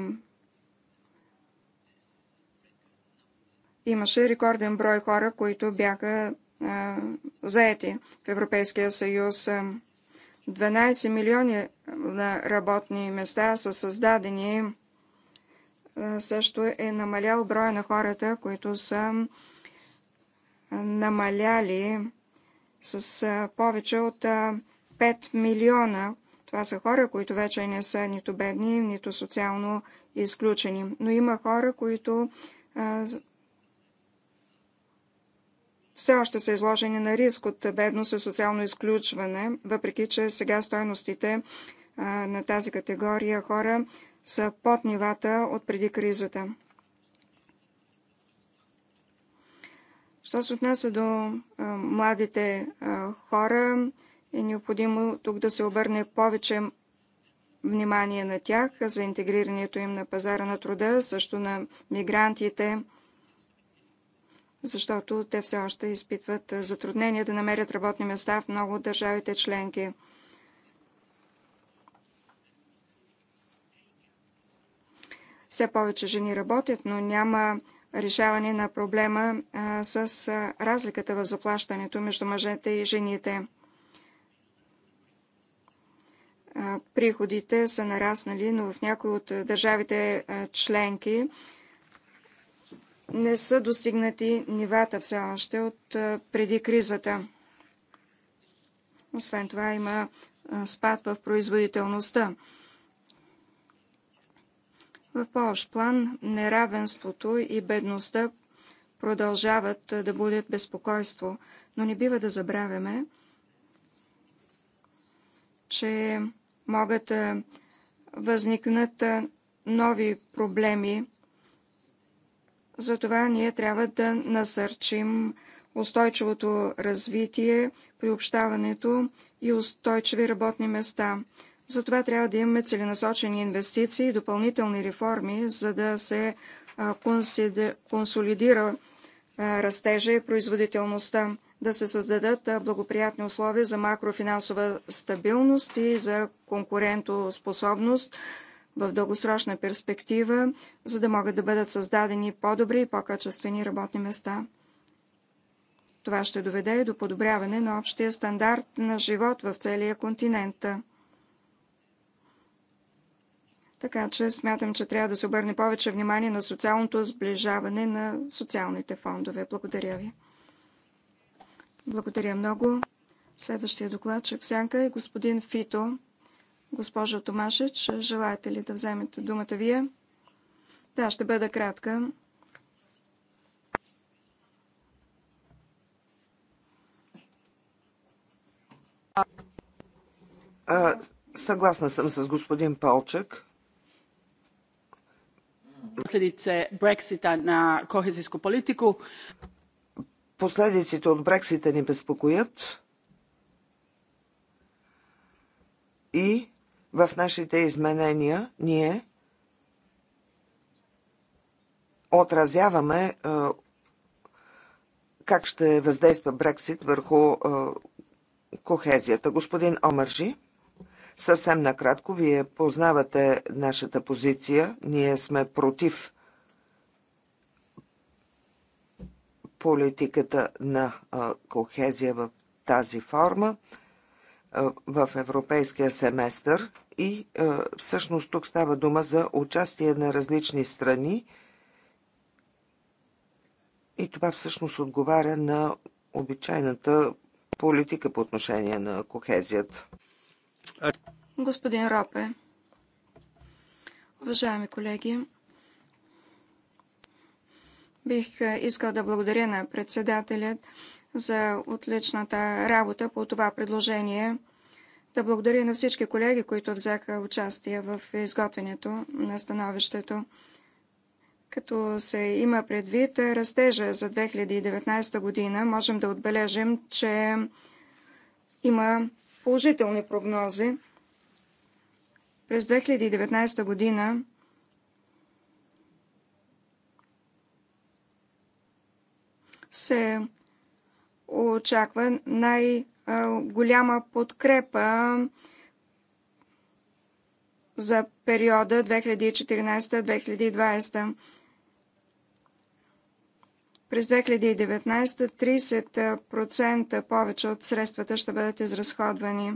имаше рекорден брой хора, които бяха а, заети в Европейския съюз. 12 милиони на работни места са създадени. Също е намалял броя на хората, които са намаляли с повече от 5 милиона. Това са хора, които вече не са нито бедни, нито социално изключени. Но има хора, които все още са изложени на риск от бедност и социално изключване, въпреки че сега стойностите на тази категория хора са под нивата от преди кризата. Що се отнася до младите хора, е необходимо тук да се обърне повече внимание на тях за интегрирането им на пазара на труда, също на мигрантите – защото те все още изпитват затруднения да намерят работни места в много от държавите членки. Все повече жени работят, но няма решаване на проблема а, с а, разликата в заплащането между мъжете и жените. А, приходите са нараснали, но в някои от държавите членки не са достигнати нивата все още от преди кризата. Освен това има спад в производителността. В по-общ план неравенството и бедността продължават да будят безпокойство, но не бива да забравяме, че могат възникнат нови проблеми затова ние трябва да насърчим устойчивото развитие, приобщаването и устойчиви работни места. Затова трябва да имаме целенасочени инвестиции и допълнителни реформи, за да се консолидира растежа и производителността, да се създадат благоприятни условия за макрофинансова стабилност и за конкурентоспособност, в дългосрочна перспектива, за да могат да бъдат създадени по-добри и по-качествени работни места. Това ще доведе и до подобряване на общия стандарт на живот в целия континент. Така че смятам, че трябва да се обърне повече внимание на социалното сближаване на социалните фондове. Благодаря ви. Благодаря много. Следващия доклад, че в сянка е господин Фито. Госпожо Томашеч, желаете ли да вземете думата вие? Да, ще бъда кратка. А, съгласна съм с господин Палчек. Последице Брексита на кохезийско политику. Последиците от Брексита ни безпокоят. В нашите изменения ние отразяваме как ще въздейства Брексит върху кохезията. Господин Омържи, съвсем накратко, вие познавате нашата позиция. Ние сме против политиката на кохезия в тази форма в европейския семестър – и е, всъщност тук става дума за участие на различни страни и това всъщност отговаря на обичайната политика по отношение на кохезията. Господин Ропе, уважаеми колеги, бих искал да благодаря на председателят за отличната работа по това предложение – да благодаря на всички колеги, които взеха участие в изготвянето на становището. Като се има предвид растежа за 2019 година, можем да отбележим, че има положителни прогнози. През 2019 година се очаква най- голяма подкрепа за периода 2014-2020. През 2019 30% повече от средствата ще бъдат изразходвани.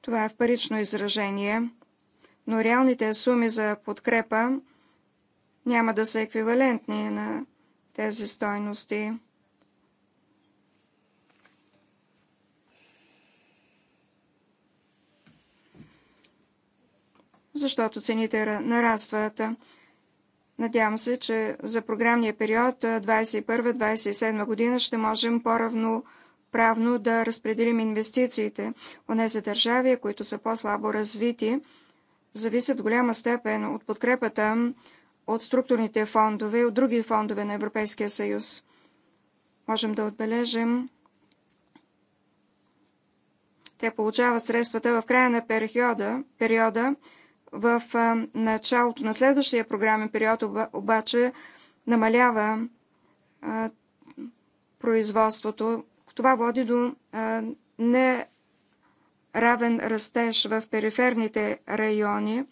Това е в парично изражение, но реалните суми за подкрепа няма да са еквивалентни на тези стойности. защото цените нарастват. Надявам се, че за програмния период 2021-2027 година ще можем по-равно правно да разпределим инвестициите. Онези държави, които са по-слабо развити, зависят в голяма степен от подкрепата от структурните фондове и от други фондове на Европейския съюз. Можем да отбележим, те получават средствата в края на периода, периода в началото на следващия програмен период обаче намалява производството. Това води до неравен растеж в периферните райони.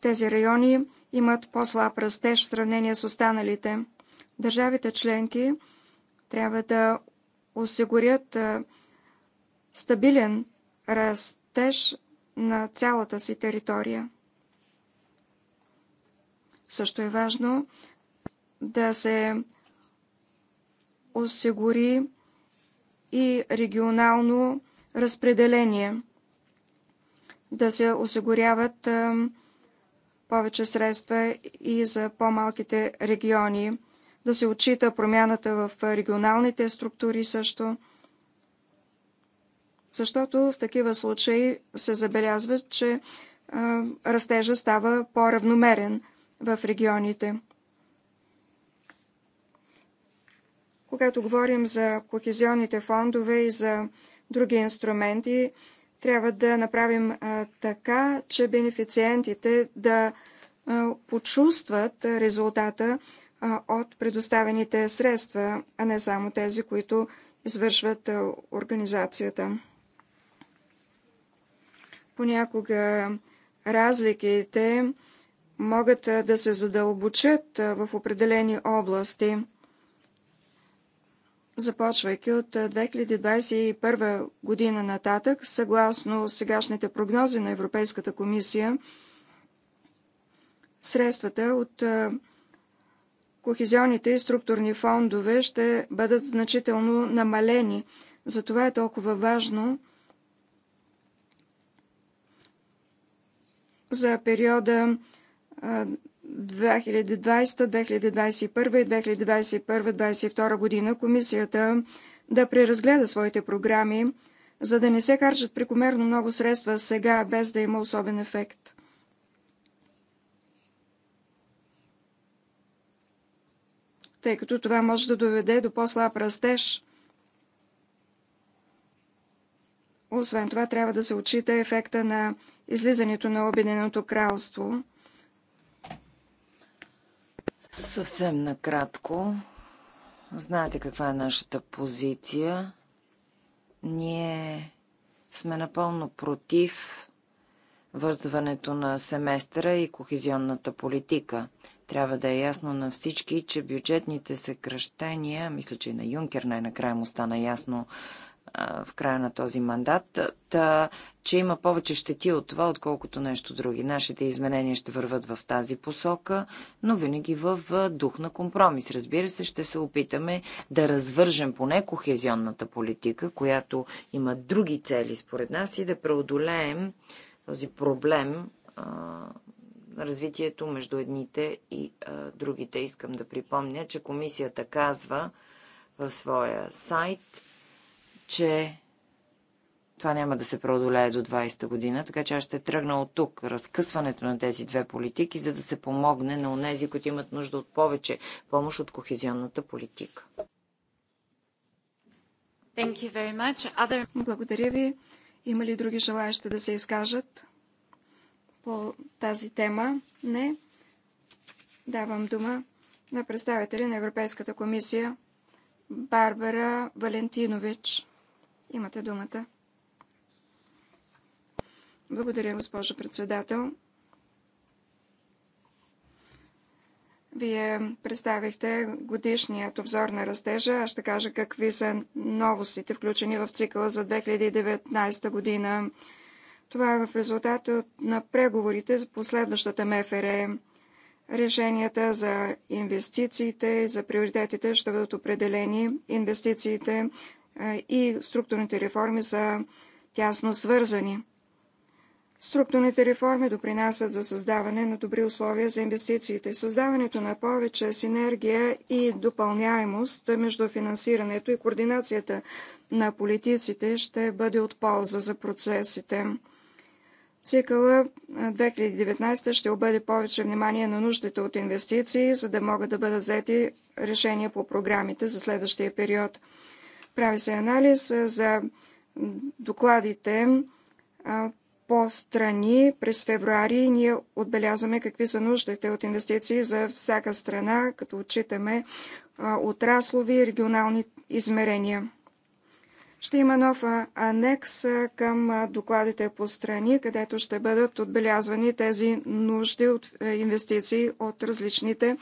Тези райони имат по-слаб растеж в сравнение с останалите. Държавите членки трябва да осигурят стабилен растеж на цялата си територия. Също е важно да се осигури и регионално разпределение, да се осигуряват повече средства и за по-малките региони, да се отчита промяната в регионалните структури също – защото в такива случаи се забелязва, че растежа става по-равномерен в регионите. Когато говорим за кохезионните фондове и за други инструменти, трябва да направим така, че бенефициентите да почувстват резултата от предоставените средства, а не само тези, които извършват организацията. Понякога разликите могат да се задълбочат в определени области. Започвайки от 2021 година нататък, съгласно сегашните прогнози на Европейската комисия, средствата от кохезионните и структурни фондове ще бъдат значително намалени. Затова е толкова важно за периода 2020-2021 и 2021-2022 година комисията да преразгледа своите програми, за да не се харчат прекомерно много средства сега, без да има особен ефект. Тъй като това може да доведе до по-слаб растеж. Освен това, трябва да се отчита ефекта на излизането на Обединеното кралство? Съвсем накратко. Знаете каква е нашата позиция. Ние сме напълно против вързването на семестъра и кохезионната политика. Трябва да е ясно на всички, че бюджетните съкръщения, мисля, че и на Юнкер най-накрая му стана ясно в края на този мандат, та, че има повече щети от това, отколкото нещо други. Нашите изменения ще върват в тази посока, но винаги в дух на компромис. Разбира се, ще се опитаме да развържем поне кохезионната политика, която има други цели според нас и да преодолеем този проблем развитието между едните и а, другите. Искам да припомня, че комисията казва в своя сайт, че това няма да се преодолее до 20-та година, така че аз ще тръгна от тук, разкъсването на тези две политики, за да се помогне на онези, които имат нужда от повече помощ от кохезионната политика. Other... Благодаря ви. Има ли други желаящи да се изкажат по тази тема? Не. Давам дума на представители на Европейската комисия Барбара Валентинович. Имате думата. Благодаря, госпожо председател. Вие представихте годишният обзор на растежа. Аз ще кажа какви са новостите, включени в цикъла за 2019 година. Това е в резултат на преговорите за последващата МФР. Е. Решенията за инвестициите и за приоритетите ще бъдат определени. Инвестициите и структурните реформи са тясно свързани. Структурните реформи допринасят за създаване на добри условия за инвестициите. Създаването на повече синергия и допълняемост между финансирането и координацията на политиците ще бъде от полза за процесите. Цикъла 2019 ще обеде повече внимание на нуждите от инвестиции, за да могат да бъдат взети решения по програмите за следващия период. Прави се анализ за докладите по страни през февруари. Ние отбелязваме какви са нуждите от инвестиции за всяка страна, като отчитаме отраслови и регионални измерения. Ще има нов анекс към докладите по страни, където ще бъдат отбелязвани тези нужди от инвестиции от различните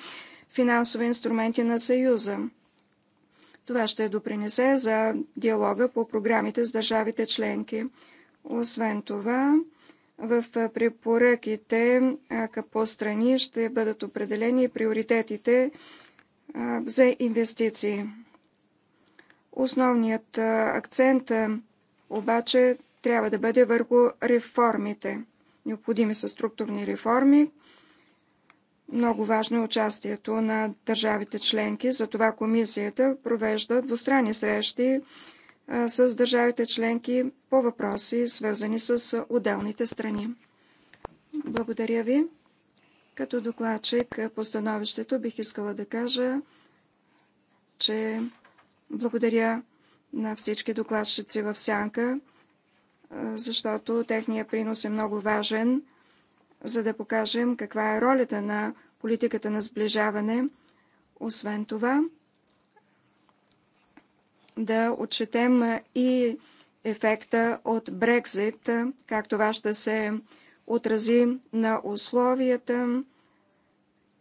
финансови инструменти на Съюза. Това ще допринесе за диалога по програмите с държавите членки. Освен това, в препоръките по страни ще бъдат определени приоритетите за инвестиции. Основният акцент обаче трябва да бъде върху реформите. Необходими са структурни реформи, много важно е участието на държавите членки, затова комисията провежда двустранни срещи с държавите членки по въпроси, свързани с отделните страни. Благодаря ви. Като докладчик по становището бих искала да кажа, че благодаря на всички докладчици в Сянка, защото техният принос е много важен – за да покажем каква е ролята на политиката на сближаване. Освен това, да отчетем и ефекта от Брекзит, как това ще се отрази на условията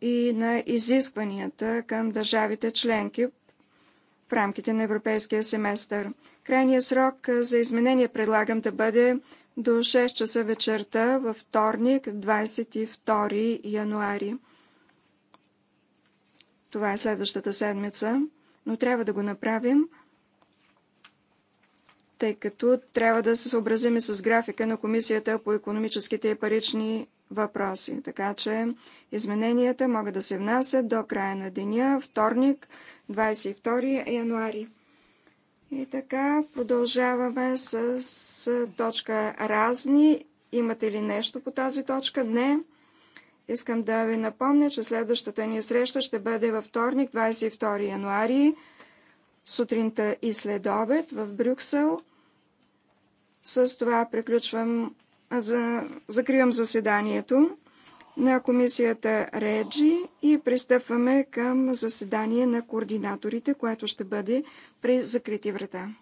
и на изискванията към държавите членки в рамките на европейския семестър. Крайният срок за изменение предлагам да бъде до 6 часа вечерта във вторник, 22 януари. Това е следващата седмица, но трябва да го направим, тъй като трябва да се съобразим и с графика на Комисията по економическите и парични въпроси. Така че измененията могат да се внасят до края на деня, вторник, 22 януари. И така, продължаваме с, с точка разни. Имате ли нещо по тази точка? Не. Искам да ви напомня, че следващата ни среща ще бъде във вторник, 22 януари, сутринта и след обед в Брюксел. С това приключвам, за, закривам заседанието на комисията Реджи и пристъпваме към заседание на координаторите, което ще бъде при закрити врата.